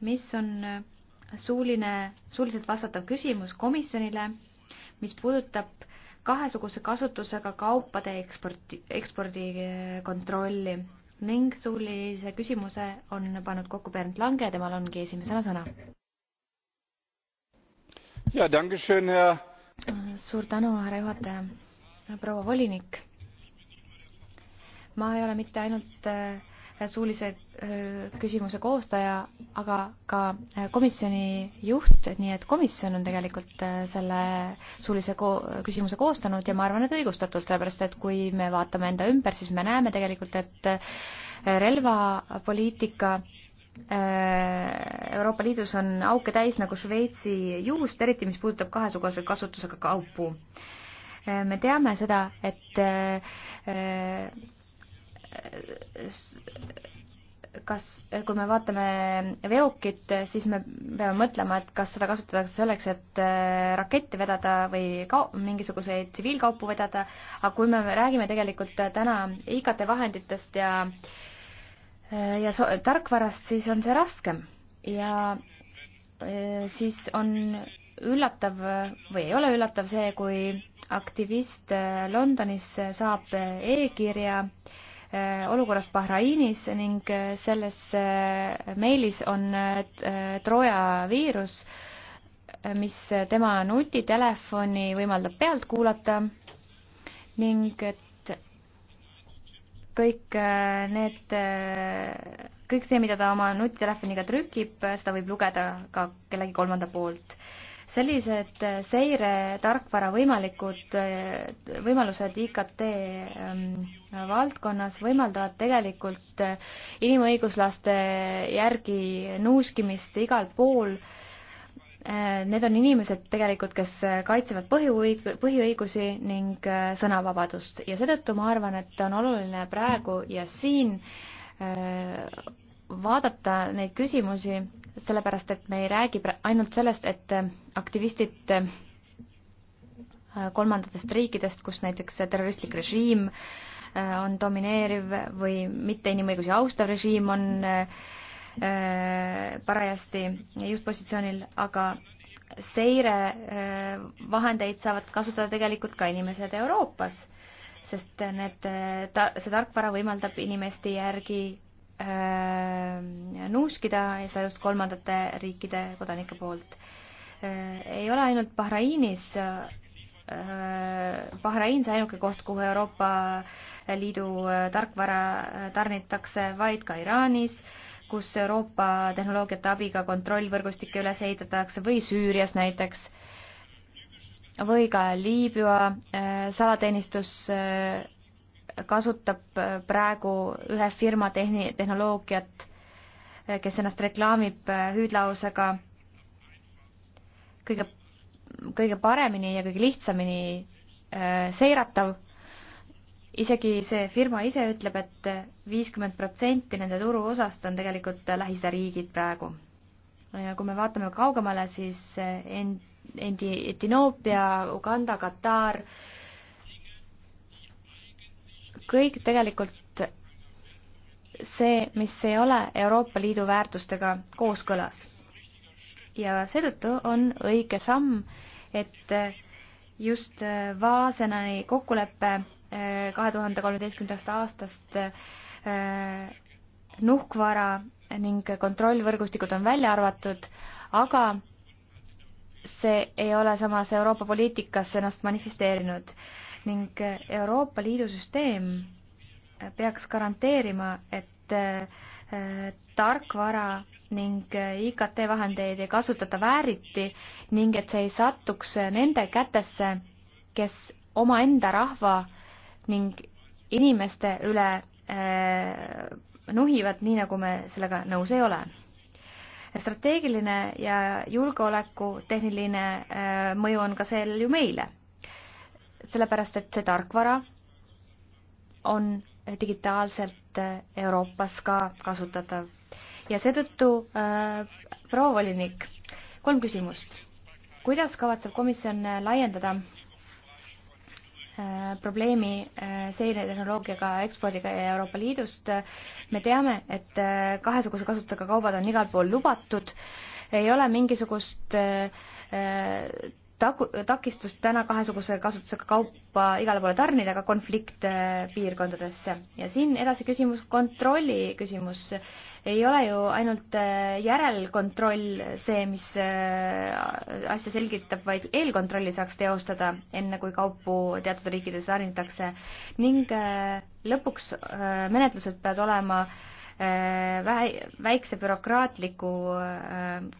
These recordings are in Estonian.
mis on äh, suuline, suuliselt vastatav küsimus komisjonile, mis puudutab kahesuguse kasutusega kaupade eksporti, ekspordikontrolli äh, ning suulise küsimuse on pannud kokku Bernd Lange, temal ongi esimesena sõna. ja, dankeschön, Herr. suur tänu, härra juhataja. proua volinik, ma ei ole mitte ainult äh, suulise küsimuse koostaja, aga ka komisjoni juht, nii et komisjon on tegelikult selle suulise ko küsimuse koostanud ja ma arvan, et õigustatult, sellepärast et kui me vaatame enda ümber, siis me näeme tegelikult, et relvapoliitika Euroopa Liidus on auke täis nagu Šveitsi juust, eriti mis puudutab kahesuguse kasutusega kaupu. me teame seda, et kas, kui me vaatame veokit, siis me peame mõtlema, et kas seda kasutatakse selleks, et äh, rakette vedada või ka mingisuguseid tsiviilkaupu vedada, aga kui me räägime tegelikult täna IKT vahenditest ja äh, ja so-, tarkvarast, siis on see raskem ja äh, siis on üllatav või ei ole üllatav see, kui aktivist Londonis saab e-kirja äh, Äh, olukorrast Bahrainis ning äh, selles äh, meilis on Troja viirus, mis tema nutitelefoni võimaldab pealt kuulata ning et kõik need, kõik see, mida ta oma nutitelefoniga trükib, seda võib lugeda ka kellegi kolmanda poolt sellised äh, seiretarkvara võimalikud äh, võimalused IKT ähm, valdkonnas võimaldavad tegelikult äh, inimõiguslaste järgi nuuskimist igal pool. Need on inimesed tegelikult, kes kaitsevad põhiõig-, põhiõigusi ning sõnavabadust ja seetõttu ma arvan, et on oluline praegu ja siin vaadata neid küsimusi sellepärast et me ei räägi ainult sellest, et äh, aktivistid äh, kolmandatest riikidest, kus näiteks terroristlik režiim äh, on domineeriv või mitte inimõigusi austav režiim on parajasti juhtpositsioonil, aga seirevahendeid saavad kasutada tegelikult ka inimesed Euroopas, sest need ta,, see tarkvara võimaldab inimeste järgi Äh, nuuskida ja seda just kolmandate riikide kodanike poolt. Äh, ei ole ainult Bahrainis äh, Bahrain see ainuke koht, kuhu Euroopa Liidu tarkvara tarnitakse, vaid ka Iraanis, kus Euroopa tehnoloogiate abiga kontrollvõrgustikke üles ehitatakse või Süürias näiteks või ka Liibüa salateenistus kasutab äh, praegu ühe firma tehni-, tehnoloogiat, äh, kes ennast reklaamib äh, hüüdlausega kõige, kõige paremini ja kõige lihtsamini seiratav. isegi see firma ise ütleb et, et viiskümmend protsenti nende turuosast on tegelikult Lähis-Ida riigid praegu. kui me vaatame kaugemale, siis Endi-, Etinoopia, Uganda, Katar äh,, kõik tegelikult see, mis ei ole Euroopa Liidu väärtustega kooskõlas. ja seetõttu on õige samm, et just Vaasenani kokkulepe äh, kahe tuhande kolmeteistkümnendast aastast äh, nuhkvara ning kontrollvõrgustikud on välja arvatud, aga see ei ole samas Euroopa poliitikas ennast manifesteerinud ning Euroopa Liidu süsteem peaks garanteerima, et eh, tarkvara ning eh, IKT vahendeid ei kasutata vääriti ning et see ei satuks nende kätesse, kes omaenda rahva ning inimeste üle eh, nuhivad, nii nagu me sellega nõus ei ole strateegiline ja julgeoleku tehniline mõju on ka sel ju meile sellepärast et see tarkvara on digitaalselt Euroopas ka kasutatav. ja seetõttu äh, proua volinik, kolm küsimust. kuidas kavatseb komisjon laiendada äh, probleemi äh, seiretehnoloogiaga ekspordiga Euroopa Liidust. me teame, et äh, kahesuguse kasutusega kaubad on igal pool lubatud, ei ole mingisugust äh, äh tagu-, takistust täna kahesuguse kasutusega kaupa igale poole tarnida, ka konfliktpiirkondadesse. ja siin edasi küsimus, kontrolli küsimus. ei ole ju ainult äh, järelkontroll see, mis äh, asja selgitab, vaid eelkontrolli saaks teostada, enne kui kaupu teatud riikides tarnitakse. ning äh, lõpuks menetlused peavad olema vähe, väikse bürokraatliku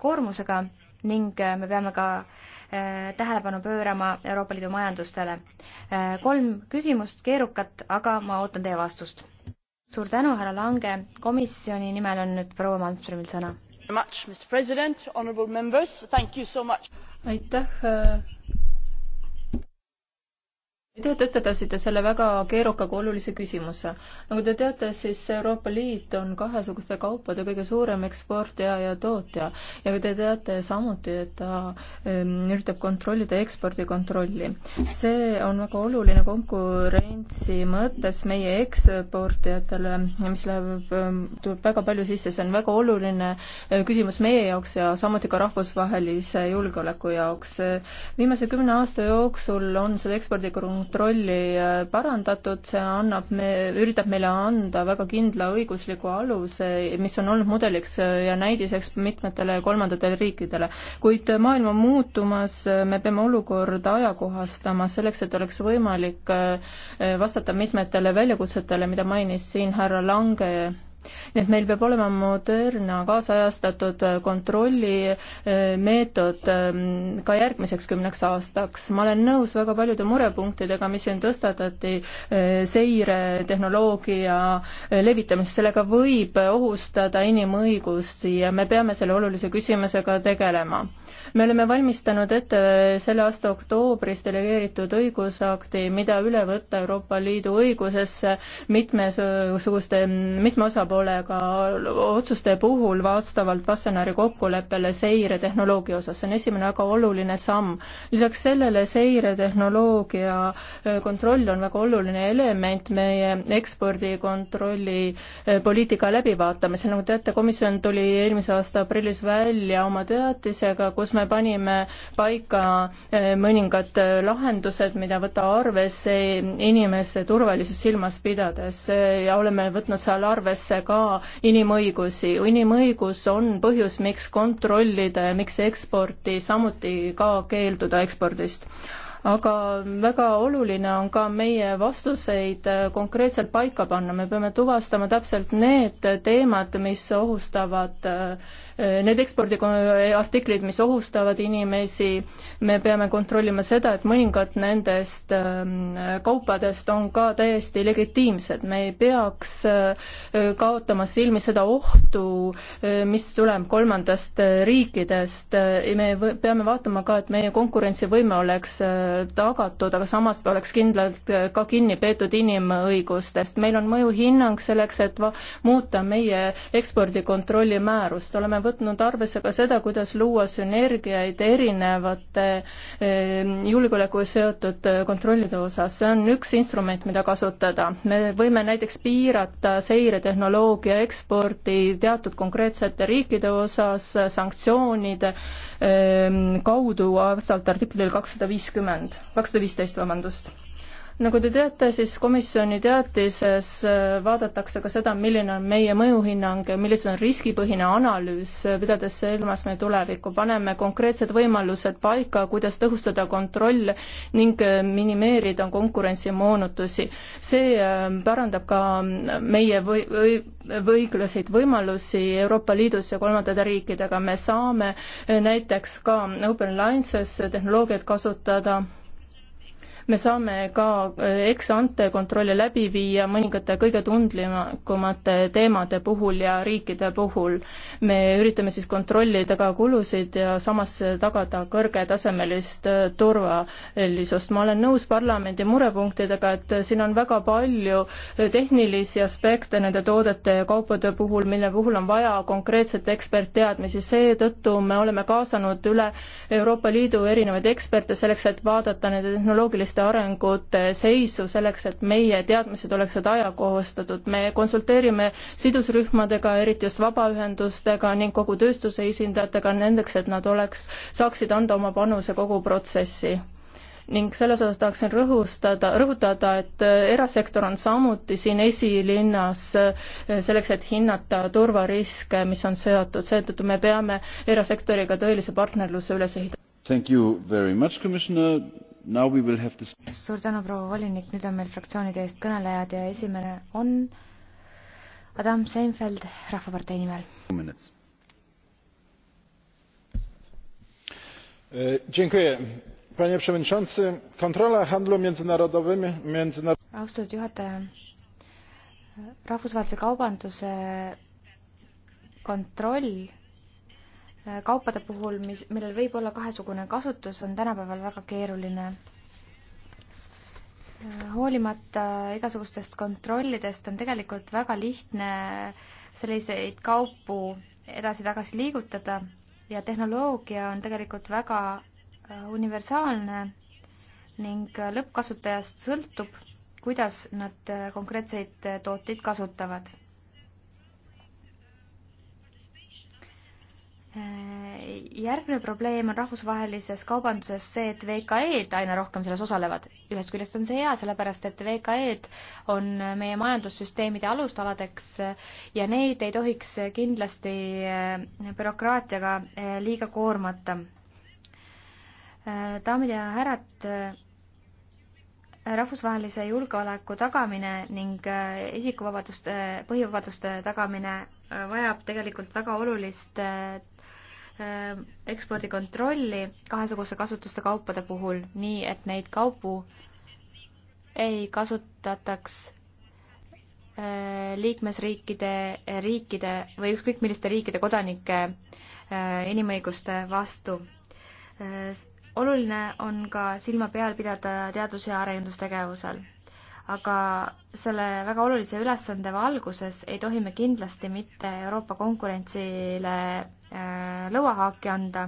koormusega ning me peame ka äh, Äh, tähelepanu pöörama Euroopa Liidu majandustele. Äh, kolm küsimust, keerukat, aga ma ootan teie vastust. suur tänu, härra Lange, komisjoni nimel on nüüd proua Malmströmil sõna. aitäh äh, Te tõstatasite selle väga keeruka, aga olulise küsimuse. nagu te teate, siis Euroopa Liit on kahesuguste kaupade kõige suurem eksportija ja tootja ja te teate samuti, et ta ähm, üritab kontrollida ekspordikontrolli. see on väga oluline konkurentsi mõttes meie eksportijatele, mis läheb ähm,, tuleb väga palju sisse, see on väga oluline eh, küsimus meie jaoks ja samuti ka rahvusvahelise julgeoleku jaoks. viimase kümne aasta jooksul on seda ekspordikontrolli kontrolli äh, parandatud, see annab me, üritab meile anda väga kindla õigusliku aluse, mis on olnud mudeliks äh, ja näidiseks mitmetele kolmandatele riikidele. kuid äh, maailm on muutumas, me peame olukorda ajakohastama selleks, et oleks võimalik vastata mitmetele väljakutsetele, mida mainis siin härra Lange nii et meil peab olema modernne, kaasajastatud kontrollimeetod äh, ähm, ka järgmiseks kümneks aastaks. ma olen nõus väga paljude murepunktidega, mis siin tõstatati, äh, seiretehnoloogia äh, levitamist, sellega võib ohustada inimõigusi ja me peame selle olulise küsimusega tegelema me oleme valmistanud ette selle aasta oktoobris delegeeritud õigusakti, mida üle võtta Euroopa Liidu õigusesse mitmesuguste, mitme osapoolega otsuste puhul vastavalt Bassenari kokkuleppele seiretehnoloogia osas. see on esimene väga oluline samm. lisaks sellele seiretehnoloogia kontroll on väga oluline element meie ekspordikontrolli eh, poliitika läbivaatamisel, nagu teate, komisjon tuli eelmise aasta aprillis välja oma teatisega, kus me me panime paika eh, mõningad eh, lahendused, mida võtta arvesse inimese turvalisust silmas pidades eh, ja oleme võtnud seal arvesse ka inimõigusi. inimõigus on põhjus, miks kontrollida ja miks eksporti, samuti ka keelduda ekspordist aga väga oluline on ka meie vastuseid konkreetselt paika panna, me peame tuvastama täpselt need teemad, mis ohustavad äh, Need ekspordiartiklid, mis ohustavad inimesi, me peame kontrollima seda, et mõningad nendest ähm, kaupadest on ka täiesti legitiimsed, me ei peaks äh, kaotama silmi seda ohtu, äh, mis tuleb kolmandast äh, riikidest, me peame vaatama ka, et meie konkurentsivõime oleks tagatud, aga samas oleks kindlalt ka kinni peetud inimõigustest. meil on mõjuhinnang selleks, et muuta meie ekspordikontrolli määrust, oleme võtnud võtnud arvesse ka seda, kuidas luua sünergiaid erinevate eh, julgeolekuga seotud kontrollide osas, see on üks instrument, mida kasutada. me võime näiteks piirata seiretehnoloogia eksporti teatud konkreetsete riikide osas sanktsioonide eh, kaudu vastavalt artiklile kakssada viiskümmend, kakssada viisteist, vabandust nagu te teate, siis komisjoni teatises äh, vaadatakse ka seda, milline on meie mõjuhinnang, milline on riskipõhine analüüs, pidades silmas meie tulevikku. paneme konkreetsed võimalused paika, kuidas tõhustada kontrolle ning äh, minimeerida konkurentsimoonutusi. see äh, parandab ka meie või, või võiglaseid võimalusi Euroopa Liidus ja kolmandate riikidega. me saame näiteks ka Open Alliances tehnoloogiat kasutada me saame ka äh, ex-ante kontrolle läbi viia mõningate kõige tundlikumate teemade puhul ja riikide puhul. me üritame siis kontrollida ka kulusid ja samas tagada kõrgetasemelist äh, turvalisust. ma olen nõus parlamendi murepunktidega, et siin on väga palju äh, tehnilisi aspekte nende toodete ja kaupade puhul, mille puhul on vaja konkreetset ekspertteadmisi, seetõttu me oleme kaasanud üle Euroopa Liidu erinevaid eksperte selleks, et vaadata nende tehnoloogiliste teaduste arengute seisu selleks, et meie teadmised oleksid ajakohastatud. me konsulteerime sidusrühmadega, eriti just vabaühendustega ning kogu tööstuse esindajatega nendeks, et nad oleks, saaksid anda oma panuse kogu protsessi ning selles osas tahaksin rõhustada, rõhutada, et äh, erasektor on samuti siin esilinnas äh, selleks, et hinnata turvariske, mis on seotud, seetõttu me peame erasektoriga tõelise partnerluse üles ehitama. Thank you very much, Commissioner. This... suur tänu, proua volinik, nüüd on meil fraktsioonide eest kõnelejad ja esimene on Adam Seinfeld Rahvapartei nimel. E, panie przewodniczący! kontrola handlu międzynarodowym austatud juhataja rahvusvahelise kaubanduse kontroll kaupade puhul, mis, millel võib olla kahesugune kasutus, on tänapäeval väga keeruline. hoolimata igasugustest kontrollidest on tegelikult väga lihtne selliseid kaupu edasi-tagasi liigutada ja tehnoloogia on tegelikult väga äh, universaalne ning lõppkasutajast sõltub, kuidas nad äh, konkreetseid äh, tooteid kasutavad Äh, järgmine probleem on rahvusvahelises kaubanduses see, et VKE-d aina rohkem selles osalevad. ühest küljest on see hea, sellepärast et VKE-d on meie majandussüsteemide alustaladeks äh, ja neid ei tohiks kindlasti äh, bürokraatiaga liiga koormata. daamid ja härrad, rahvusvahelise julgeoleku tagamine ning isikuvabaduste, põhivabaduste tagamine vajab tegelikult väga olulist Äh, ekspordikontrolli kahesuguse kasutuste kaupade puhul, nii et neid kaupu ei kasutataks äh, liikmesriikide, riikide või ükskõik milliste riikide kodanike äh, inimõiguste vastu. oluline on ka silma peal pidada teadus- ja arendustegevusel aga selle väga olulise ülesande valguses ei tohi me kindlasti mitte Euroopa konkurentsile äh, lõuahaaki anda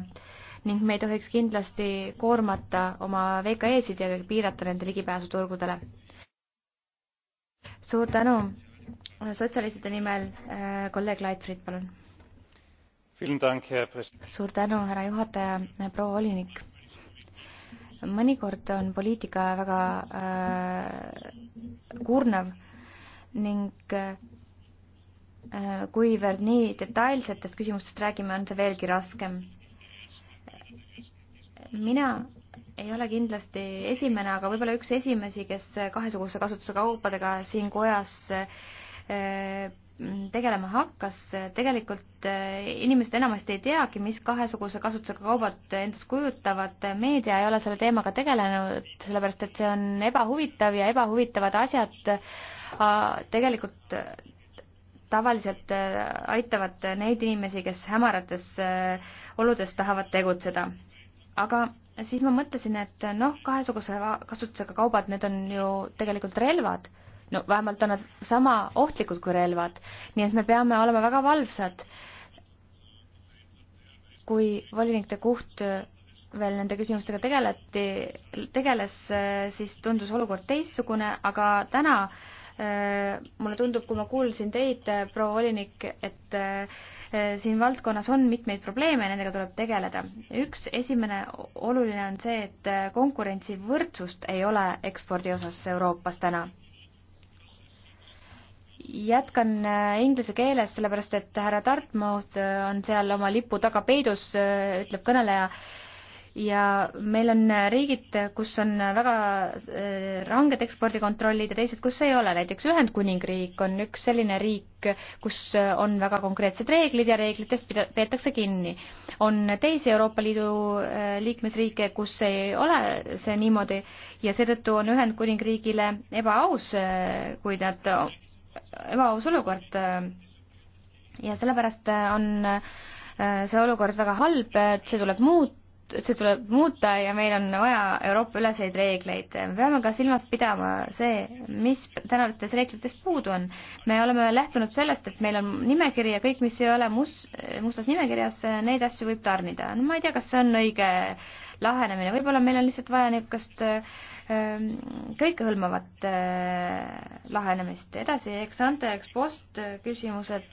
ning me ei tohiks kindlasti koormata oma VKE-sid ja piirata nende ligipääsu turgudele. suur tänu sotsialistide nimel äh, kolleeg Leitfried, palun. suur tänu, härra juhataja, proua volinik mõnikord on poliitika väga äh, kurnav ning äh, kuivõrd nii detailsetest küsimustest räägime, on see veelgi raskem. mina ei ole kindlasti esimene, aga võib-olla üks esimesi, kes kahesuguse kasutuse kaupadega siin kojas äh, tegelema hakkas, tegelikult äh, inimesed enamasti ei teagi, mis kahesuguse kasutusega kaubad endast kujutavad, meedia ei ole selle teemaga tegelenud, sellepärast et see on ebahuvitav ja ebahuvitavad asjad äh, tegelikult äh, tavaliselt aitavad neid inimesi, kes hämarates oludes tahavad tegutseda. aga siis ma mõtlesin, et noh, kahesuguse kasutusega kaubad, need on ju tegelikult relvad no vähemalt on nad sama ohtlikud kui relvad, nii et me peame olema väga valvsad. kui volinik de Gucht veel nende küsimustega tegeleti, tegeles, siis tundus olukord teistsugune, aga täna äh, mulle tundub, kui ma kuulsin teid, äh, proua volinik, et äh, siin valdkonnas on mitmeid probleeme ja nendega tuleb tegeleda. üks esimene oluline on see, et konkurentsivõrdsust ei ole ekspordi osas Euroopas täna jätkan äh, inglise keeles, sellepärast et härra Dartmouth äh, on seal oma lipu taga peidus, äh, ütleb kõneleja, ja meil on riigid, kus on väga ranged ekspordikontrollid ja teised, kus ei ole, näiteks Ühendkuningriik on üks selline riik, kus on väga konkreetsed reeglid ja reeglitest pida-, peetakse kinni. on teisi Euroopa Liidu liikmesriike, kus ei ole see niimoodi ja seetõttu on Ühendkuningriigile ebaaus, kui nad ebaaus olukord ja sellepärast on äh, see olukord väga halb, see tuleb muuta, see tuleb muuta ja meil on vaja Euroopa-üleseid reegleid. me peame ka silmas pidama see, mis tänastes reeglitest puudu on. me oleme lähtunud sellest, et meil on nimekiri ja kõik, mis ei ole mus-, mustas nimekirjas, neid asju võib tarnida. no ma ei tea, kas see on õige äh, lähenemine, võib-olla meil on lihtsalt vaja niisugust äh, ähm, kõikehõlmavat äh, lahenemist. edasi, eks ante, eks post äh, küsimused.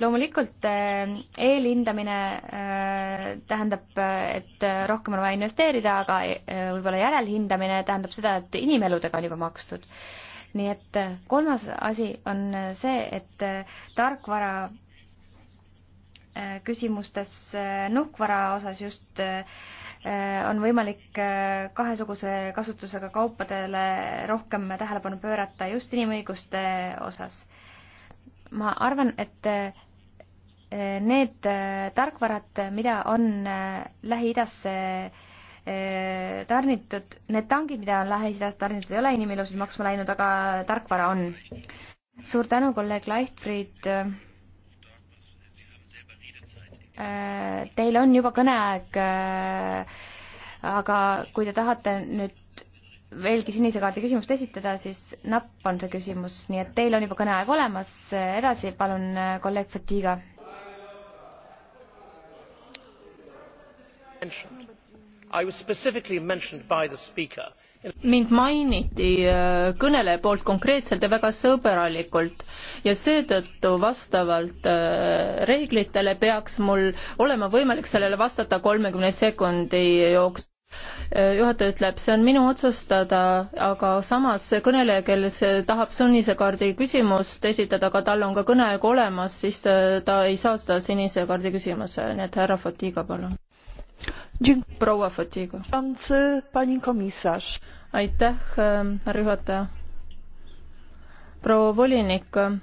loomulikult eelhindamine tähendab, et rohkem on vaja investeerida, aga võib-olla järelhindamine tähendab seda, et inimeludega on juba makstud. nii et kolmas asi on see, et tarkvara Äh, küsimustes äh, nuhkvara osas just äh, on võimalik kahesuguse kasutusega kaupadele rohkem tähelepanu pöörata just inimõiguste osas. ma arvan, et need tarkvarad, mida on Lähi-Idasse tarnitud, need tangid, mida on Lähis-Idas tarnitud, ei ole inimelusid maksma läinud, aga tarkvara on. suur tänu, kolleeg Leichtfried Äh, teil on juba kõneaeg, äh, aga kui te tahate nüüd veelgi sinise kaardi küsimust esitada, siis napp on see küsimus, nii et teil on juba kõneaeg olemas, edasi palun äh, kolleeg Fatiga mind mainiti äh, kõneleja poolt konkreetselt ja väga sõbralikult ja seetõttu vastavalt äh, reeglitele peaks mul olema võimalik sellele vastata kolmekümne sekundi jooksul äh, juhataja ütleb, see on minu otsustada, aga samas kõneleja, kel tahab sunnise kaardi küsimust esitada, aga tal on ka kõneaeg olemas, siis ta ei saa seda sinise kaardi küsimuse, nii et härra Fatiga, palun proua Fatiga. aitäh, ähm, härra juhataja. proua volinik, ähm,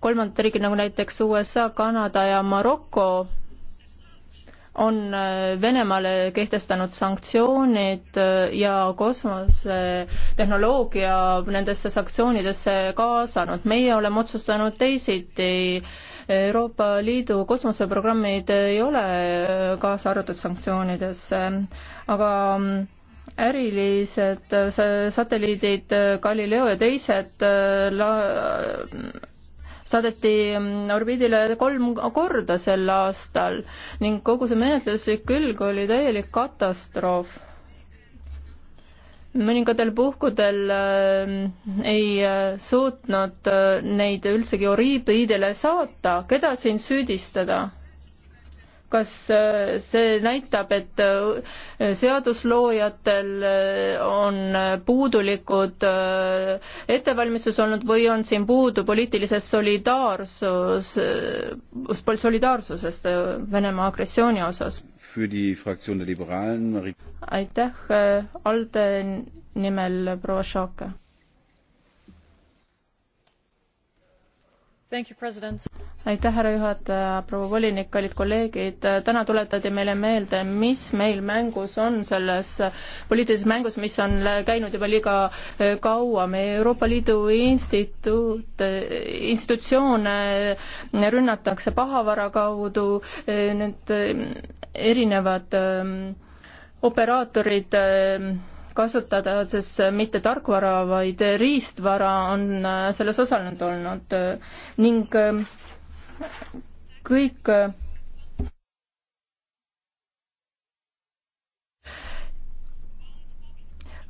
kolmandad riigid nagu näiteks USA, Kanada ja Maroko on äh, Venemaale kehtestanud sanktsioonid äh, ja kosmosetehnoloogia nendesse sanktsioonidesse kaasanud. meie oleme otsustanud teisiti Euroopa Liidu kosmoseprogrammid ei ole äh, kaasa arvatud sanktsioonidesse, äh, aga mm, ärilised satelliidid äh, Galileo ja teised la-, saadeti mm, orbiidile kolm korda sel aastal ning kogu see menetluslik külg oli täielik katastroof mõningatel puhkudel äh, ei äh, suutnud äh, neid üldsegi Oriiblidele saata, keda siin süüdistada? kas äh, see näitab, et äh, seadusloojatel äh, on puudulikud ettevalmistus olnud või on siin puudu poliitilisest solidaarsus, solidaarsusest Venemaa agressiooni osas? aitäh, ALDE nimel proua Šake. aitäh, härra juhataja, proua volinik, kallid kolleegid, täna tuletati meile meelde, mis meil mängus on selles poliitilises mängus, mis on käinud juba liiga äh, kaua, meie Euroopa Liidu instituut, äh, institutsioone äh, rünnatakse pahavara kaudu, need erinevad ähm, operaatorid ähm, kasutada, sest mitte tarkvara, vaid riistvara on äh, selles osalenud olnud äh, ning äh, kõik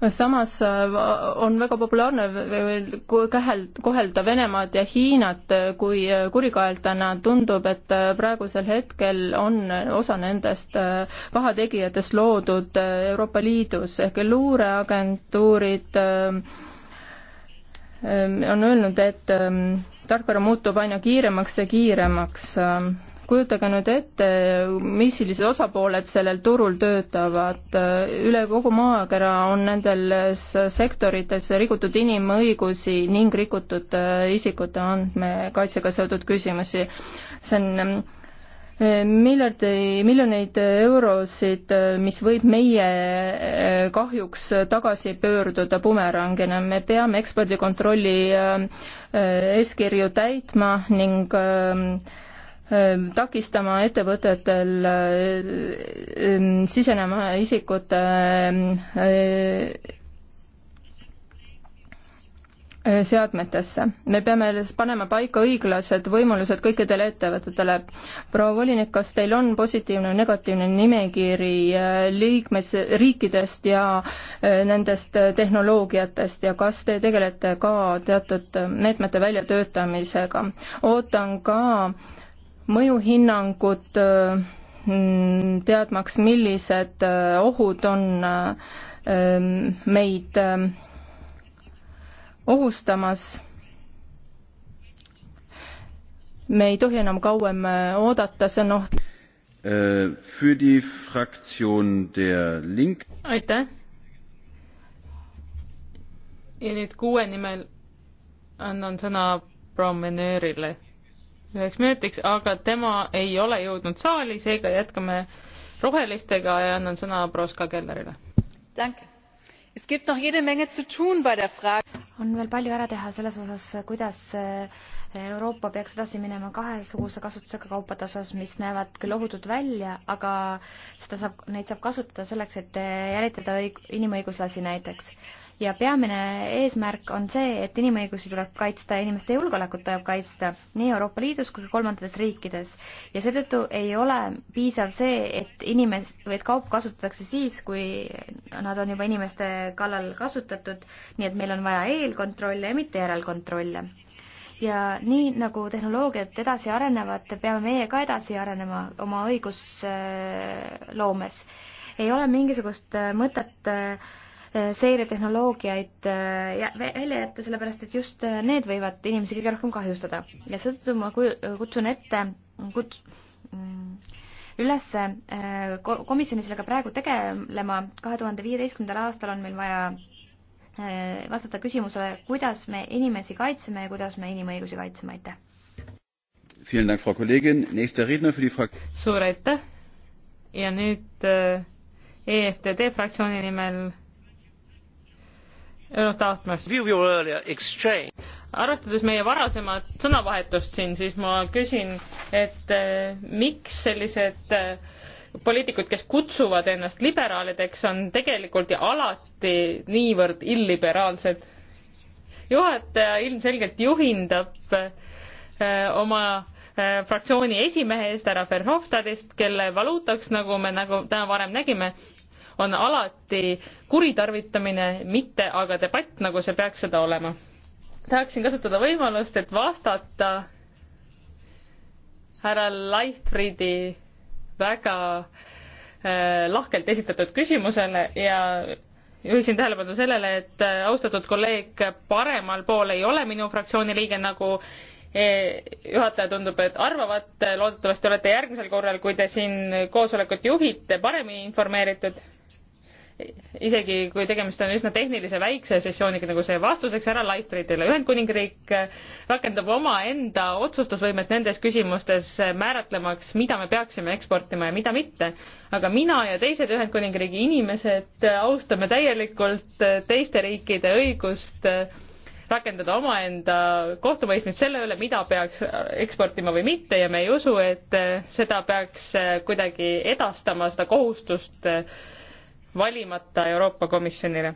samas äh, on väga populaarne kohelda Venemaad ja Hiinat äh, kui äh, kurikaeltana, tundub, et praegusel hetkel on osa nendest pahategijatest loodud Euroopa Liidus ehk luureagentuurid on öelnud, et tarkvara muutub aina kiiremaks ja kiiremaks kujutage nüüd ette, missilised osapooled sellel turul töötavad, üle kogu maakera on nendes sektorites rikutud inimõigusi ning rikutud äh, isikute andmekaitsega seotud küsimusi. see on ähm, miljardi, miljoneid eurosid, äh, mis võib meie äh, kahjuks tagasi pöörduda bumerangina, me peame ekspordikontrolli eeskirju täitma ning ähm, Ähm, takistama ettevõtetel äh, ähm, sisenema isikute äh, äh, seadmetesse. me peame panema paika õiglased võimalused kõikidele ettevõtetele. proua volinik, kas teil on positiivne või negatiivne nimekiri liikmesriikidest ja nendest tehnoloogiatest ja kas te tegelete ka teatud meetmete väljatöötamisega? ootan ka äh, mõjuhinnangud, äh, mm, teadmaks, millised äh, ohud on äh, meid ohustamas. me ei tohi enam kauem oodata, see on oht. Für die Fraktion der Link-. aitäh. ja nüüd kuue nimel annan sõna promenöörile üheks minutiks, aga tema ei ole jõudnud saali, seega jätkame rohelistega ja annan sõna Proska Kellerile. on veel palju ära teha selles osas, kuidas eh, Euroopa peaks edasi minema kahesuguse kasutusega kaupade osas, mis näevad küll ohutud välja, aga seda saab, neid saab kasutada selleks, et eh, jälitada inimõiguslasi näiteks ja peamine eesmärk on see, et inimõigusi tuleb kaitsta ja inimeste julgeolekut tuleb kaitsta nii Euroopa Liidus kui ka kolmandates riikides. ja seetõttu ei ole piisav see, et inimes-, et kaup kasutatakse siis, kui nad on juba inimeste kallal kasutatud, nii et meil on vaja eelkontrolle ja mitte järelkontrolle ja nii nagu tehnoloogiad edasi arenevad, peame meie ka edasi arenema oma õigusloomes. ei ole mingisugust mõtet äh, seiretehnoloogiaid äh, välja jätta, sellepärast et just äh, need võivad inimesi kõige rohkem kahjustada. ja seetõttu ma kutsun ette, kuts-, mm, üles äh, komisjoni sellega praegu tegelema, kahe tuhande viieteistkümnendal aastal on meil vaja vastata küsimusele, kuidas me inimesi kaitseme ja kuidas me inimõigusi kaitseme, aitäh! suur aitäh ja nüüd EFTD fraktsiooni nimel no tahtma. arvestades meie varasemat sõnavahetust siin, siis ma küsin, et eh, miks sellised eh, poliitikud, kes kutsuvad ennast liberaalideks, on tegelikult ja alati niivõrd illiberaalsed. juhataja ilmselgelt juhindab eh, oma eh, fraktsiooni esimehe eest, härra Verhofstadist, kelle valuutaks, nagu me nagu täna varem nägime, on alati kuritarvitamine, mitte aga debatt, nagu see peaks seda olema. tahaksin kasutada võimalust, et vastata härra Leichtfriedi väga äh, lahkelt esitatud küsimusele ja juhiksin tähelepanu sellele, et äh, austatud kolleeg paremal pool ei ole minu fraktsiooni liige, nagu äh, juhataja tundub, et arvavat, loodetavasti olete järgmisel korral, kui te siin koosolekut juhite, paremini informeeritud isegi kui tegemist on üsna tehnilise väikse sessiooniga, nagu see vastuseks härra Leifritile, Ühendkuningriik rakendab omaenda otsustusvõimet nendes küsimustes, määratlemaks, mida me peaksime eksportima ja mida mitte. aga mina ja teised Ühendkuningriigi inimesed austame täielikult teiste riikide õigust rakendada omaenda kohtumõistmist selle üle, mida peaks eksportima või mitte ja me ei usu, et seda peaks kuidagi edastama, seda kohustust valimata Euroopa Komisjonile.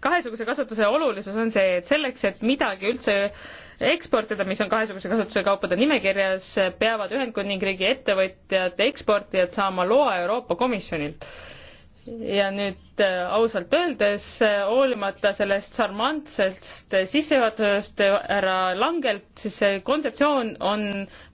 kahesuguse kasutuse olulisus on see, et selleks, et midagi üldse eksportida, mis on kahesuguse kasutuse kaupade nimekirjas, peavad Ühendkuningriigi ettevõtjad, eksportijad saama loa Euroopa Komisjonilt. ja nüüd äh, ausalt öeldes, hoolimata sellest sarmantsest sissejuhatusest härra Langelt, siis see kontseptsioon on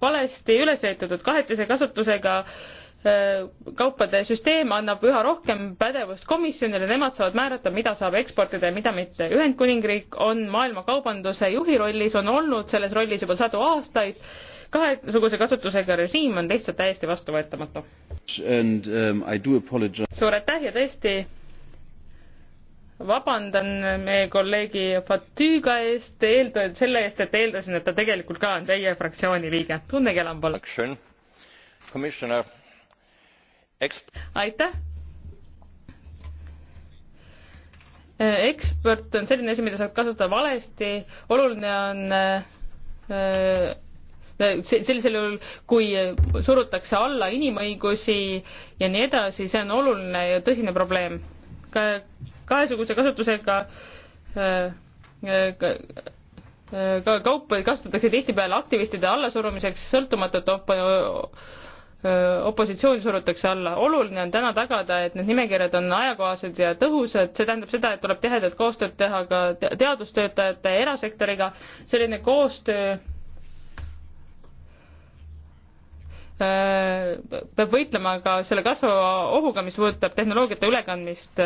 valesti üles ehitatud kahetise kasutusega äh, Äh, kaupade süsteem annab üha rohkem pädevust komisjonile, nemad saavad määrata, mida saab eksportida ja mida mitte. Ühendkuningriik on maailma kaubanduse juhi rollis, on olnud selles rollis juba sadu aastaid, kahesuguse kasutusega režiim on lihtsalt täiesti vastuvõetamatu. Um, suur aitäh ja tõesti vabandan meie kolleegi Fatüüga eest, eeldan selle eest, et eeldasin, et ta tegelikult ka on teie fraktsiooni liige. tunnegi enam pole. Commissioner aitäh! Äh, ekspert on selline asi, mida saab kasutada valesti, oluline on äh, äh sellisel juhul, kui äh, surutakse alla inimõigusi ja nii edasi, see on oluline ja tõsine probleem. ka kahesuguse kasutusega äh, ka, ka kaupa kasutatakse tihtipeale aktivistide allasurumiseks, sõltumatut op-, opositsioon surutakse alla. oluline on täna tagada, et need nimekirjad on ajakohased ja tõhusad, see tähendab seda, et tuleb tihedat koostööd teha ka teadustöötajate ja erasektoriga, selline koostöö peab võitlema ka selle kasvava ohuga, mis puudutab tehnoloogiate ülekandmist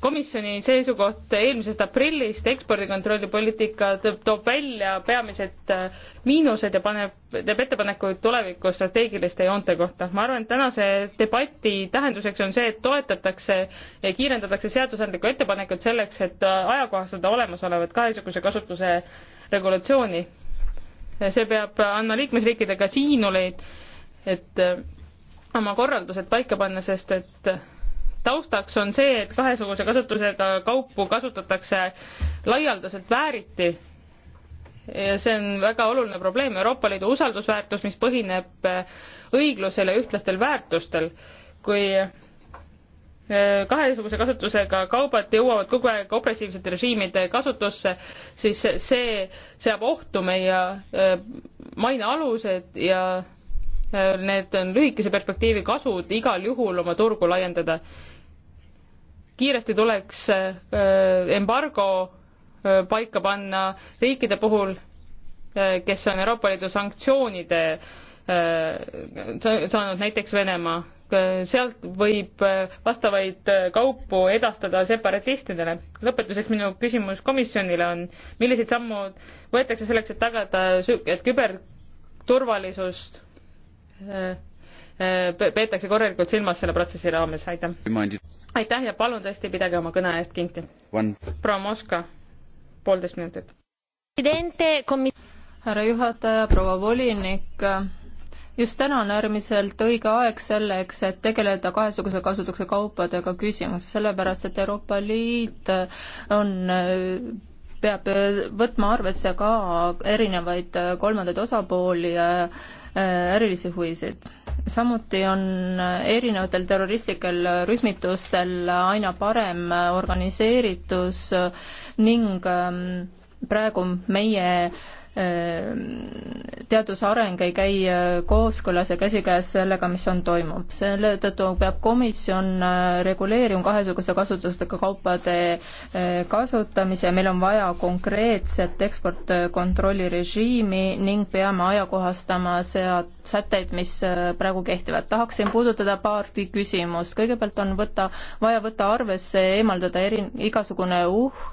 komisjoni seisukoht eelmisest aprillist ekspordikontrolli poliitika toob välja peamised äh, miinused ja paneb, teeb ettepanekuid tuleviku strateegiliste joonte kohta. ma arvan, et tänase debati tähenduseks on see, et toetatakse ja kiirendatakse seadusandlikku ettepanekut selleks, et äh, ajakohastada olemasolevat kahesuguse kasutuse regulatsiooni. see peab andma liikmesriikidega siinuleid, et äh, oma korraldused paika panna, sest et taustaks on see, et kahesuguse kasutusega kaupu kasutatakse laialdaselt vääriti ja see on väga oluline probleem, Euroopa Liidu usaldusväärtus, mis põhineb äh, õiglusel ja ühtlastel väärtustel. kui äh, kahesuguse kasutusega kaubad jõuavad kogu aeg opressiivsete režiimide kasutusse, siis see seab ohtu meie äh, maine alused ja need on lühikese perspektiivi kasud igal juhul oma turgu laiendada kiiresti tuleks äh, embargo äh, paika panna riikide puhul, äh, kes on Euroopa Liidu sanktsioonide saanud, näiteks Venemaa. sealt võib vastavaid kaupu edastada separatistidele. lõpetuseks minu küsimus komisjonile on, milliseid sammu võetakse selleks, et tagada, et küberturvalisust Äh, peetakse korralikult silmas selle protsessi raames, aitäh. aitäh ja palun tõesti pidage oma kõne eest kinti. proua Moska, poolteist minutit. härra juhataja, proua volinik just täna on äärmiselt õige aeg selleks, et tegeleda kahesuguse kasutuse kaupadega küsimus, sellepärast et Euroopa Liit on peab võtma arvesse ka erinevaid kolmandaid osapooli ja äh, ärilisi huvisid samuti on äh, erinevatel terroristlikel rühmitustel aina parem äh, organiseeritus äh, ning ähm, praegu meie Ehm, teaduse areng ei käi äh, kooskõlas ja käsikäes sellega, mis on, toimub. selle tõttu peab komisjon äh, reguleerima kahesuguse kasutusega kaupade äh, kasutamise, meil on vaja konkreetset eksportkontrolli režiimi ning peame ajakohastama sead-, sätteid, mis praegu kehtivad. tahaksin puudutada paari küsimust, kõigepealt on võtta, vaja võtta arvesse ja eemaldada eri, igasugune uh-,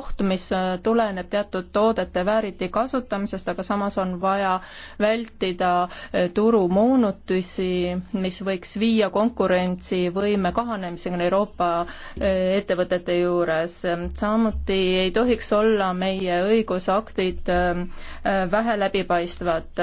oht, mis tuleneb teatud toodete vääriti kasutamisest, kasutamisest, aga samas on vaja vältida eh, turumoonutusi, mis võiks viia konkurentsivõime kahanemiseni Euroopa eh, ettevõtete juures. samuti ei tohiks olla meie õigusaktid eh, vähe läbipaistvad.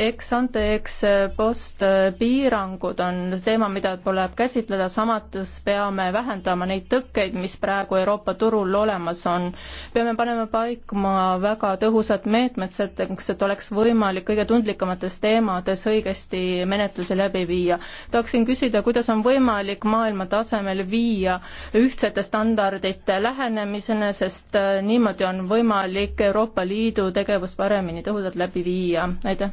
eks ante, eks post piirangud on teema, mida tuleb käsitleda, samas peame vähendama neid tõkkeid, mis praegu Euroopa turul olemas on. peame panema paikma väga tõhusad meetmed, meetmeteks, et oleks võimalik kõige tundlikemates teemades õigesti menetlusi läbi viia. tahaksin küsida, kuidas on võimalik maailma tasemel viia ühtsete standardite lähenemisena, sest äh, niimoodi on võimalik Euroopa Liidu tegevust paremini tõhusalt läbi viia, aitäh.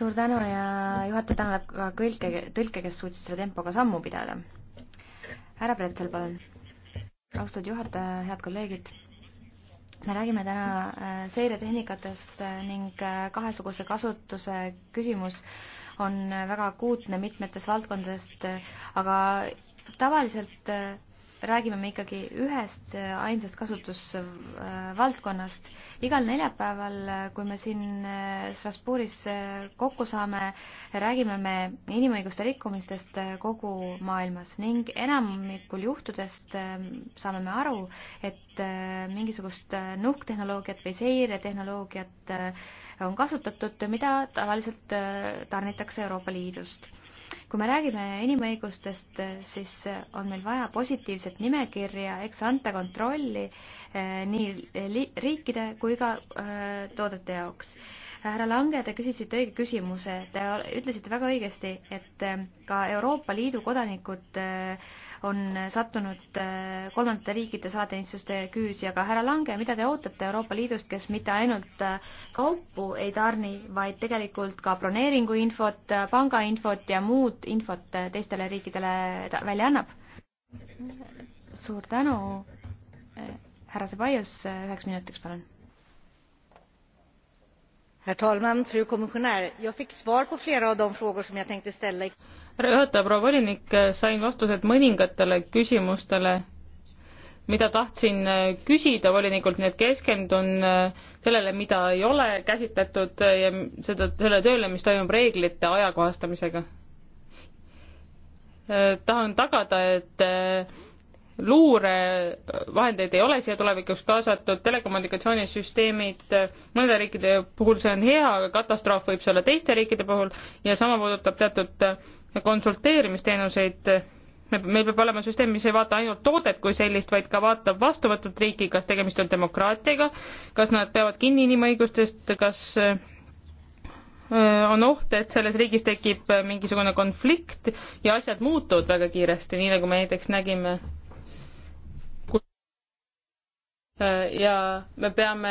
suur tänu ja juhataja tänab ka kõlke, tõlke, kes suutsid selle tempoga sammu pidada. härra Pretzel, palun. austatud juhataja, head kolleegid me räägime täna äh, seiretehnikatest äh, ning äh, kahesuguse kasutuse küsimus on väga akuutne mitmetest valdkondadest, aga tavaliselt räägime me ikkagi ühest äh, ainsast kasutusvaldkonnast. igal neljapäeval, äh, kui me siin äh, Strasbourgis kokku saame, räägime me inimõiguste rikkumistest kogu maailmas ning enamikul juhtudest saame me aru, et mingisugust nuhktehnoloogiat või seiretehnoloogiat on kasutatud, mida tavaliselt tarnitakse Euroopa Liidust kui me räägime inimõigustest, siis on meil vaja positiivset nimekirja, eks anta kontrolli eh, nii riikide kui ka eh, toodete jaoks härra Lange, te küsisite õige küsimuse, te ütlesite väga õigesti, et eh, ka Euroopa Liidu kodanikud äh, on sattunud äh, kolmandate riikide salateenistuste küüsi, aga härra Lange, mida te ootate Euroopa Liidust, kes mitte ainult äh, kaupu ei tarni, vaid tegelikult ka broneeringuinfot, äh, pangainfot ja muud infot teistele riikidele välja annab? suur tänu, härra Sebaius, üheks minutiks, palun herr talman fru kommissionär! jag fick svar på flera av de frågor som jag tänkte ställa härra juhataja, proua volinik, sain vastused mõningatele küsimustele, mida tahtsin küsida volinikult, nii et keskendun sellele, mida ei ole käsitletud ja seda, selle tööle, mis toimub reeglite ajakohastamisega. tahan tagada, et luurevahendeid ei ole siia tulevikuks kaasatud, telekommunikatsioonisüsteemid, äh, mõnede riikide puhul see on hea, aga katastroof võib see olla teiste riikide puhul ja sama puudutab teatud äh, konsulteerimisteenuseid. meil peab olema süsteem, mis ei vaata ainult toodet kui sellist, vaid ka vaatab vastuvõtvat riiki, kas tegemist on demokraatiaga, kas nad peavad kinni inimõigustest, kas äh, on oht, et selles riigis tekib mingisugune konflikt ja asjad muutuvad väga kiiresti, nii nagu me näiteks nägime Äh, ja me peame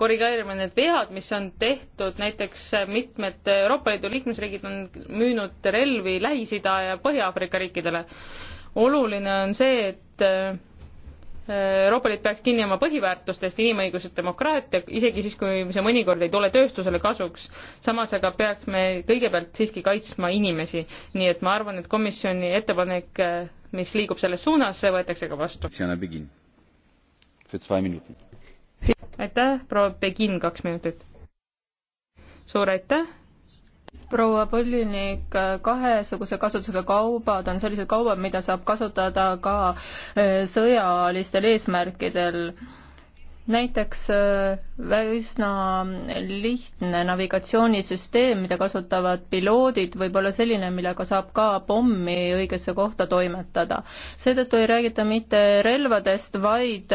korrigeerima need vead, mis on tehtud, näiteks äh, mitmed Euroopa Liidu liikmesriigid on müünud relvi Lähis-Ida ja Põhja-Aafrika riikidele. oluline on see, et äh, Euroopa Liit peaks kinni oma põhiväärtustest, inimõigused, demokraatia, isegi siis, kui see mõnikord ei tule tööstusele kasuks. samas aga peaks me kõigepealt siiski kaitsma inimesi, nii et ma arvan, et komisjoni ettepanek, mis liigub selles suunas, see võetakse ka vastu aitäh, proua Begin, kaks minutit. suur aitäh proua Põllinik, kahesuguse kasutusega kaubad on sellised kaubad, mida saab kasutada ka äh, sõjalistel eesmärkidel. näiteks äh, üsna lihtne navigatsioonisüsteem, mida kasutavad piloodid, võib olla selline, millega saab ka pommi õigesse kohta toimetada. seetõttu ei räägita mitte relvadest, vaid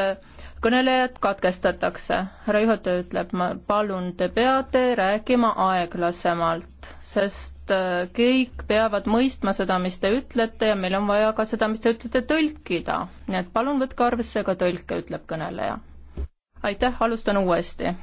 kõnelejad katkestatakse. härra juhataja ütleb, ma palun, te peate rääkima aeglasemalt, sest äh, kõik peavad mõistma seda, mis te ütlete ja meil on vaja ka seda, mis te ütlete, tõlkida. nii et palun võtke arvesse ka tõlke, ütleb kõneleja. aitäh, alustan uuesti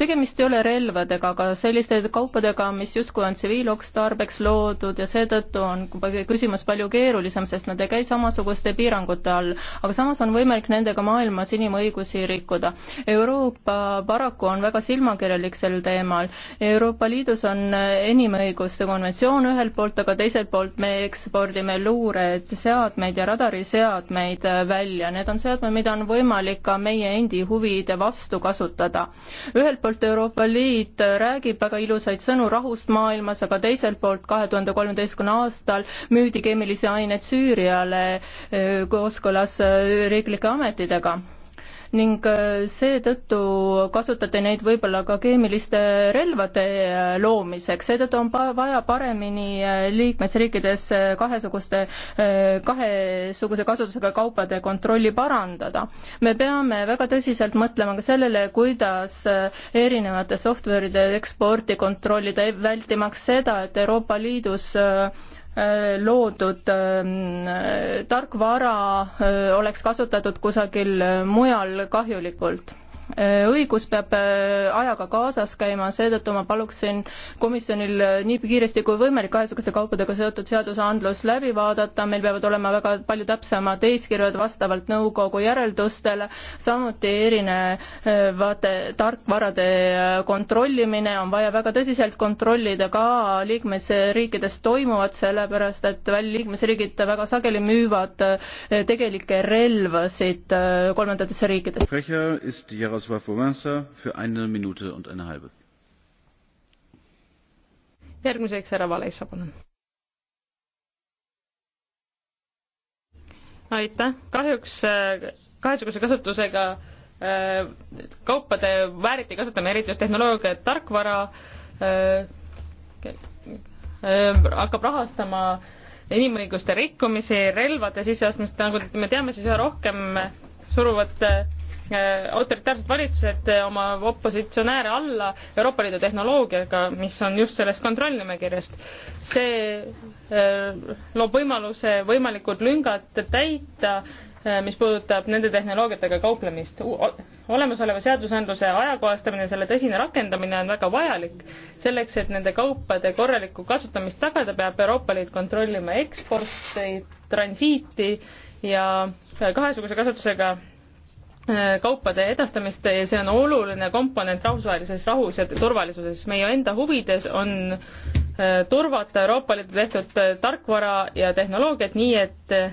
tegemist ei ole relvadega, aga selliste kaupadega, mis justkui on tsiviilotstarbeks loodud ja seetõttu on küsimus palju keerulisem, sest nad ei käi samasuguste piirangute all. aga samas on võimalik nendega maailmas inimõigusi rikkuda. Euroopa paraku on väga silmakirjalik sel teemal. Euroopa Liidus on inimõiguste konventsioon ühelt poolt, aga teiselt poolt me ekspordime luureseadmeid ja radariseadmeid välja. Need on seadmed, mida on võimalik ka meie endi huvide vastu kasutada ühelt poolt Euroopa Liit räägib väga ilusaid sõnu rahust maailmas, aga teiselt poolt kahe tuhande kolmeteistkümne aastal müüdi keemilisi aineid Süüriale äh, kooskõlas äh, riiklike ametitega ning äh, seetõttu kasutati neid võib-olla ka keemiliste relvade äh, loomiseks, seetõttu on vaja paremini äh, liikmesriikides kahesuguste, kahesuguse kasutusega kaupade kontrolli parandada. me peame väga tõsiselt mõtlema ka sellele, kuidas erinevate software'ide eksporti kontrollida, vältimaks seda, et Euroopa Liidus loodud ähm, tarkvara äh, oleks kasutatud kusagil mujal kahjulikult Äh, õigus peab äh, ajaga kaasas käima, seetõttu ma paluksin komisjonil äh, nii kiiresti kui võimalik kahesuguste kaupadega seotud seadusandlus läbi vaadata, meil peavad olema väga palju täpsemad eeskirjad vastavalt nõukogu järeldustele, samuti erinevate tarkvarade kontrollimine, on vaja väga tõsiselt kontrollida ka liikmesriikides toimuvat, sellepärast et liikmesriigid väga sageli müüvad tegelikke relvasid kolmandatesse riikidesse. Jarosław Wałęsa für eine Minute und eine halbe. järgmiseks härra Valesa, palun. aitäh, kahjuks äh, kahesuguse kasutusega äh, kaupade vääriti kasutame, eriti just tehnoloogia, tarkvara äh, hakkab rahastama inimõiguste rikkumisi, relvade sisseostmist, nagu me teame, siis üha rohkem suruvad Äh, autoritaarsed valitsused äh, oma opositsionääre alla Euroopa Liidu tehnoloogiaga, mis on just sellest kontrollnimekirjast. see äh, loob võimaluse võimalikud lüngad täita, mis puudutab nende tehnoloogiatega kauplemist. olemasoleva seadusandluse ajakohastamine, selle tõsine rakendamine on väga vajalik. selleks, et nende kaupade korralikku kasutamist tagada, peab Euroopa Liit kontrollima eksporti, transiiti ja kahesuguse kasutusega kaupade edastamist ja see on oluline komponent rahvusvahelises rahus ja turvalisuses. meie enda huvides on äh, turvata Euroopa Liidu tehtud äh, tarkvara ja tehnoloogiat nii, et äh,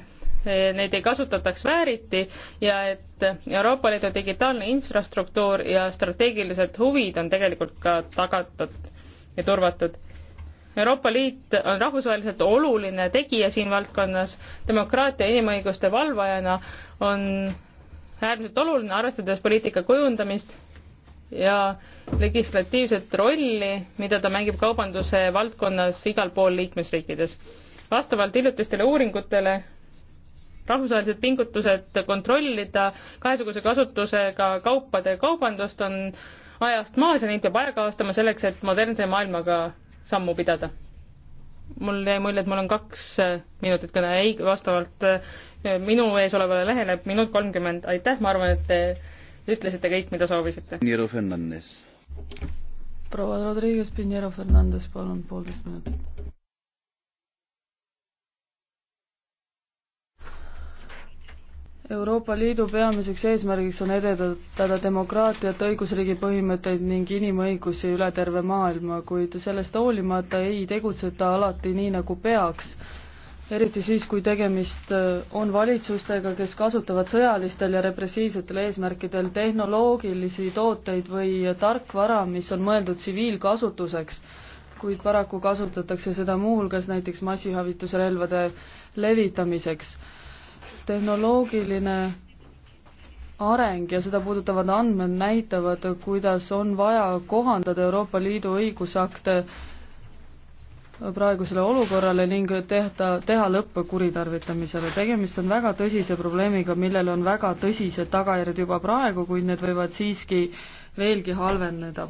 neid ei kasutataks vääriti ja et Euroopa Liidu digitaalne infrastruktuur ja strateegilised huvid on tegelikult ka tagatud ja turvatud Euroopa Liit on rahvusvaheliselt oluline tegija siin valdkonnas, demokraatia ja inimõiguste valvajana on äärmiselt oluline, arvestades poliitika kujundamist ja legislatiivset rolli, mida ta mängib kaubanduse valdkonnas igal pool liikmesriikides. vastavalt hiljutistele uuringutele rahvusvahelised pingutused kontrollida kahesuguse kasutusega kaupade kaubandust on ajast maas ja neid peab ajakohastama selleks, et modernse maailmaga sammu pidada mul jäi mulje, et mul on kaks äh, minutit kõne, ei, vastavalt äh, minu ees olevale lehele minut kolmkümmend, aitäh, ma arvan, et te ütlesite kõik, mida soovisite. proua Rodriguez Pinheiro Fernandes, palun poolteist minutit Euroopa Liidu peamiseks eesmärgiks on edendada demokraatiat, õigusriigi põhimõtteid ning inimõigusi üle terve maailma, kuid sellest hoolimata ei tegutseta alati nii, nagu peaks. eriti siis, kui tegemist äh, on valitsustega, kes kasutavad sõjalistel ja repressiivsetel eesmärkidel tehnoloogilisi tooteid või tarkvara, mis on mõeldud tsiviilkasutuseks, kuid paraku kasutatakse seda muuhulgas näiteks massihävitusrelvade levitamiseks tehnoloogiline areng ja seda puudutavad andmed näitavad, kuidas on vaja kohandada Euroopa Liidu õigusakte praegusele olukorrale ning tehta, teha lõpp kuritarvitamisele. tegemist on väga tõsise probleemiga, millel on väga tõsised tagajärjed juba praegu, kuid need võivad siiski veelgi halveneda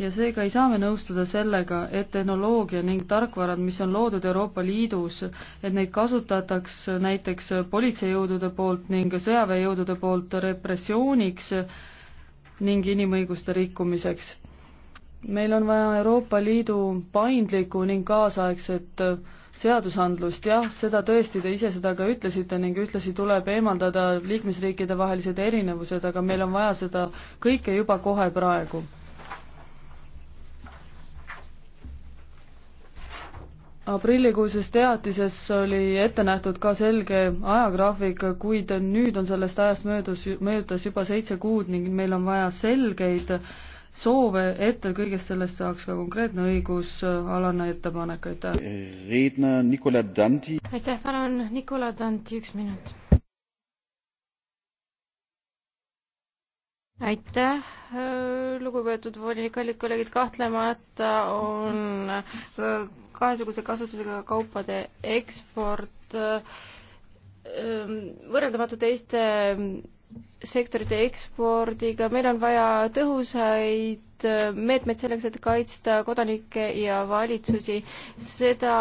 ja seega ei saa me nõustuda sellega, et tehnoloogia ning tarkvarad, mis on loodud Euroopa Liidus, et neid kasutataks näiteks politseijõudude poolt ning sõjaväejõudude poolt repressiooniks ning inimõiguste rikkumiseks. meil on vaja Euroopa Liidu paindlikku ning kaasaegset seadusandlust, jah, seda tõesti, te ise seda ka ütlesite ning ühtlasi tuleb eemaldada liikmesriikide vahelised erinevused, aga meil on vaja seda kõike juba kohe praegu aprillikuises teatises oli ette nähtud ka selge ajagraafik, kuid nüüd on sellest ajast möödus, möödas juba seitse kuud ning meil on vaja selgeid soove, et kõigest sellest saaks ka konkreetne õigusalane ettepanek, aitäh. aitäh, palun Nicolas Danti, üks minut aitäh, äh, lugupeetud volinik, kallid kolleegid, kahtlemata on äh, kahesuguse kasutusega kaupade eksport äh, võrreldamatu teiste sektorite ekspordiga, meil on vaja tõhusaid meetmeid selleks, et kaitsta kodanikke ja valitsusi. seda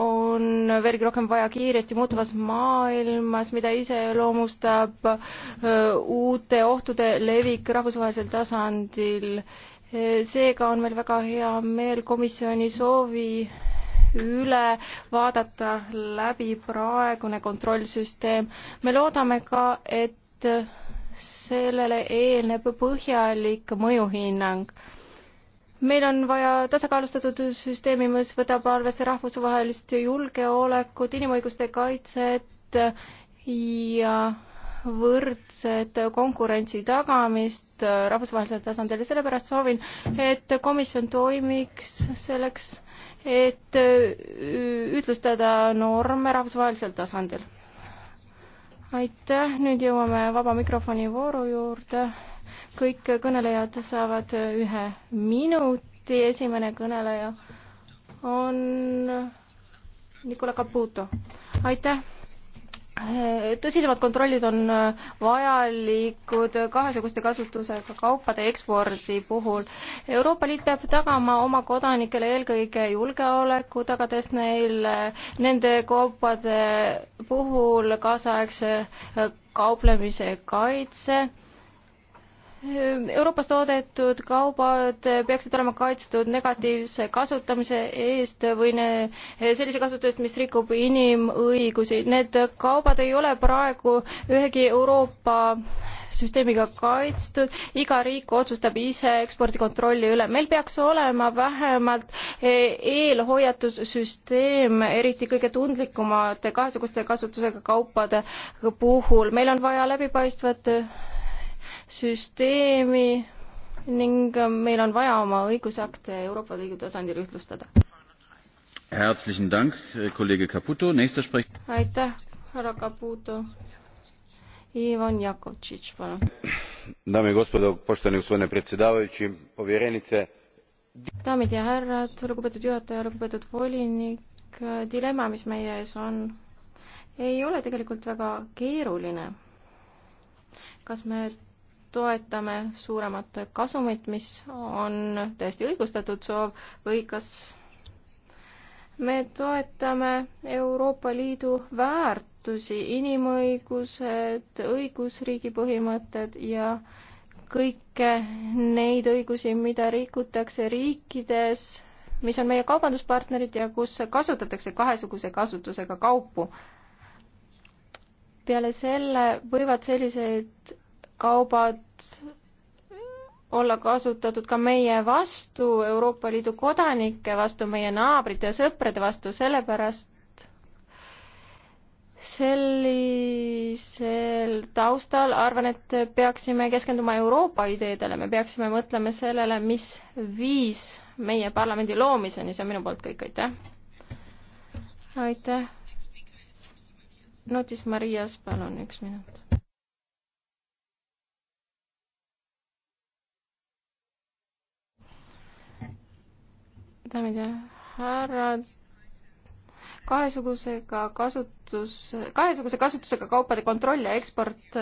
on veelgi rohkem vaja kiiresti muutuvas maailmas, mida iseloomustab uute ohtude levik rahvusvahelisel tasandil. seega on meil väga hea meel komisjoni soovi üle vaadata läbi praegune kontrollsüsteem. me loodame ka, et sellele eelneb põhjalik mõjuhinnang meil on vaja tasakaalustatud süsteemi, mis võtab arvesse rahvusvahelist julgeolekut, inimõiguste kaitset ja võrdset konkurentsi tagamist rahvusvahelisel tasandil ja sellepärast soovin, et komisjon toimiks selleks, et ühtlustada norme rahvusvahelisel tasandil. aitäh, nüüd jõuame vaba mikrofoni vooru juurde kõik kõnelejad saavad ühe minuti, esimene kõneleja on Nicola Caputo. aitäh! tõsisemad kontrollid on vajalikud kahesuguse kasutusega kaupade ekspordi puhul. Euroopa Liit peab tagama oma kodanikele eelkõige julgeoleku, tagades neile nende kaupade puhul kaasaegse kauplemise kaitse Euroopas toodetud kaubad peaksid olema kaitstud negatiivse kasutamise eest või ne, sellise kasutuse eest, mis rikub inimõigusi. Need kaubad ei ole praegu ühegi Euroopa süsteemiga kaitstud, iga riik otsustab ise ekspordikontrolli üle. meil peaks olema vähemalt eh, eelhoiatussüsteem, eriti kõige tundlikumate kahesuguse kasutusega kaupade puhul. meil on vaja läbipaistvat süsteemi ning meil on vaja oma õigusakte Euroopa Liidu tasandil ühtlustada. aitäh, härra Caputo. Ivan Jakovčić, palun. Dame i gospodo, poštovani gospodine predsjedavajući, povjerenice. daamid ja härrad, lugupeetud juhataja, lugupeetud volinik, dilemma, mis meie ees on, ei ole tegelikult väga keeruline. kas me toetame suuremat kasumit, mis on täiesti õigustatud soov või kas me toetame Euroopa Liidu väärtusi, inimõigused, õigusriigi põhimõtted ja kõike neid õigusi, mida rikutakse riikides, mis on meie kaubanduspartnerid ja kus kasutatakse kahesuguse kasutusega kaupu. peale selle võivad sellised kaubad olla kasutatud ka meie vastu, Euroopa Liidu kodanike vastu, meie naabrite ja sõprade vastu, sellepärast sellisel taustal arvan, et peaksime keskenduma Euroopa ideedele, me peaksime mõtlema sellele, mis viis meie parlamendi loomiseni, see on minu poolt kõik, aitäh. aitäh. Notis Marias, palun üks minut daamid ja härrad, kahesugusega kasutus, kahesuguse kasutusega kaupade kontroll ja eksport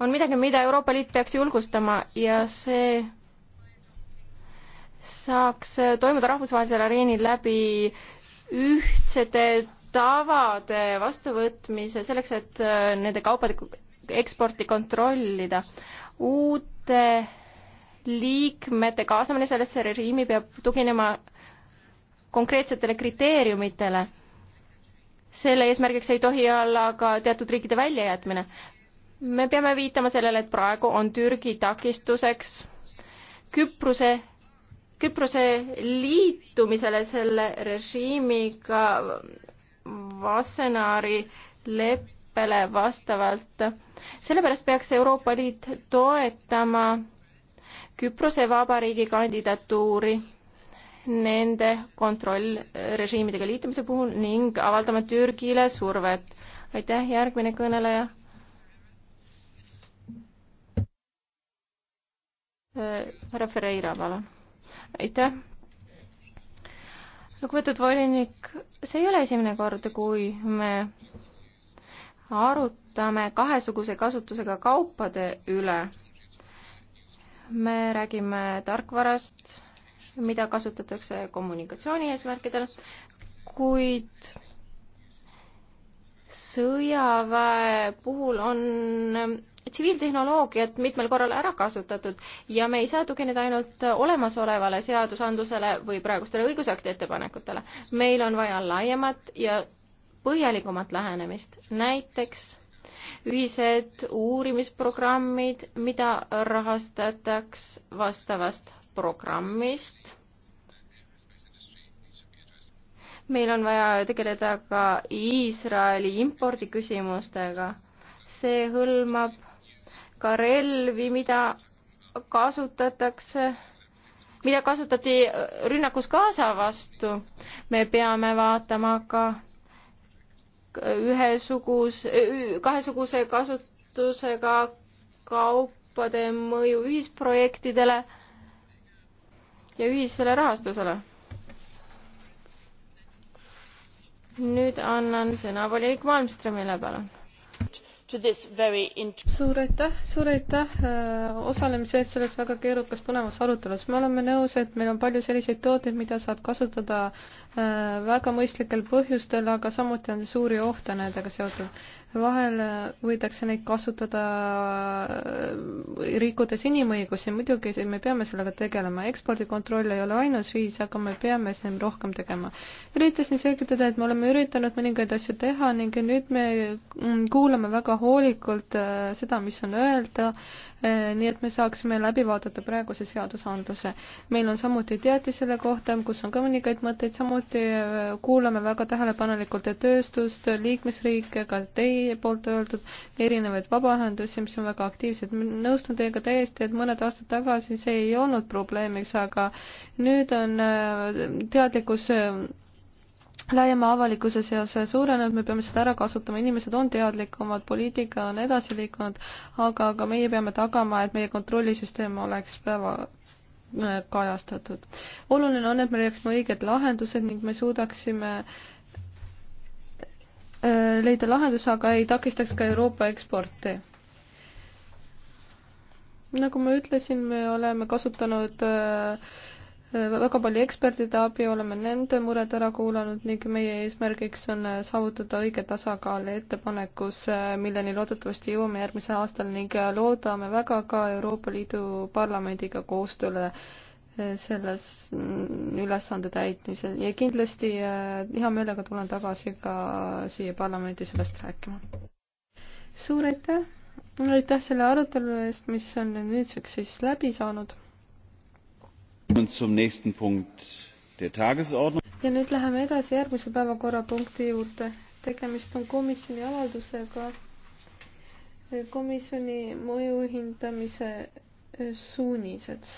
on midagi, mida Euroopa Liit peaks julgustama ja see saaks toimuda rahvusvahelisel areenil läbi ühtsete tavade vastuvõtmise selleks, et nende kaupade eksporti kontrollida. uute liikmete kaasamine sellesse režiimi peab tuginema konkreetsetele kriteeriumitele. selle eesmärgiks ei tohi olla ka teatud riikide väljajätmine. me peame viitama sellele, et praegu on Türgi takistuseks Küprose, Küprose liitumisele selle režiimiga Vassenaari leppele vastavalt. sellepärast peaks Euroopa Liit toetama Küprose Vabariigi kandidatuuri nende kontrollrežiimidega liitumise puhul ning avaldame Türgile survet. aitäh, järgmine kõneleja. Äh, härra Ferreira, palun. aitäh. lugupeetud volinik, see ei ole esimene kord, kui me arutame kahesuguse kasutusega kaupade üle me räägime tarkvarast, mida kasutatakse kommunikatsiooni eesmärkidel, kuid sõjaväe puhul on tsiviiltehnoloogiat mitmel korral ära kasutatud ja me ei saa tugineda ainult olemasolevale seadusandlusele või praegustele õigusakti ettepanekutele. meil on vaja laiemat ja põhjalikumat lähenemist, näiteks ühised uurimisprogrammid, mida rahastataks vastavast programmist. meil on vaja tegeleda ka Iisraeli impordiküsimustega. see hõlmab ka relvi, mida kasutatakse mida kasutati rünnakus Gaza vastu. me peame vaatama ka ühesuguse, kahesuguse kasutusega kaupade mõju ühisprojektidele ja ühisele rahastusele. nüüd annan sõna volinik Malmströmile, palun suur aitäh suur aitäh äh, osalemise eest selles väga keerukas põnevas arutelus me oleme nõus et meil on palju selliseid tooteid mida saab kasutada Äh, väga mõistlikel põhjustel, aga samuti on suuri ohte nendega seotud. vahel äh, võidakse neid kasutada äh, rikkudes inimõigusi, muidugi me peame sellega tegelema, ekspordikontroll ei ole ainus viis, aga me peame siin rohkem tegema. üritasin selgitada, et me oleme üritanud mõningaid asju teha ning nüüd me mm, kuulame väga hoolikult seda, mis on öelda Äh, nii et me saaksime läbi vaadata praeguse seadusandluse. meil on samuti teatis selle kohta, kus on ka mõningaid mõtteid, samuti äh, kuulame väga tähelepanelikult tööstust, liikmesriike, ka teie poolt öeldud, erinevaid vabaühendusi, mis on väga aktiivsed. nõustun teiega täiesti, et mõned aastad tagasi see ei olnud probleemiks, aga nüüd on äh, teadlikkus laiema avalikkuse seas suurenenud, me peame seda ära kasutama, inimesed on teadlikumad, poliitika on edasi liikunud, aga, aga meie peame tagama, et meie kontrollisüsteem oleks päeva äh, kajastatud. oluline on, et me leiaksime õiged lahendused ning me suudaksime äh, leida lahenduse, aga ei takistaks ka Euroopa eksporti. nagu ma ütlesin, me oleme kasutanud äh, Äh, väga palju ekspertide abi, oleme nende mured ära kuulanud ning meie eesmärgiks on äh, saavutada õige tasakaal ettepanekus, äh, milleni loodetavasti jõuame järgmisel aastal ning loodame väga ka Euroopa Liidu Parlamendiga koostööle selles mm, ülesande täitmisel ja kindlasti hea meelega tulen tagasi ka siia parlamendi sellest rääkima. suur aitäh, aitäh selle arutelu eest, mis on nüüdseks siis läbi saanud ja nüüd läheme edasi järgmise päevakorrapunkti juurde. tegemist on komisjoni avaldusega eh, komisjoni mõju hindamise eh, suunised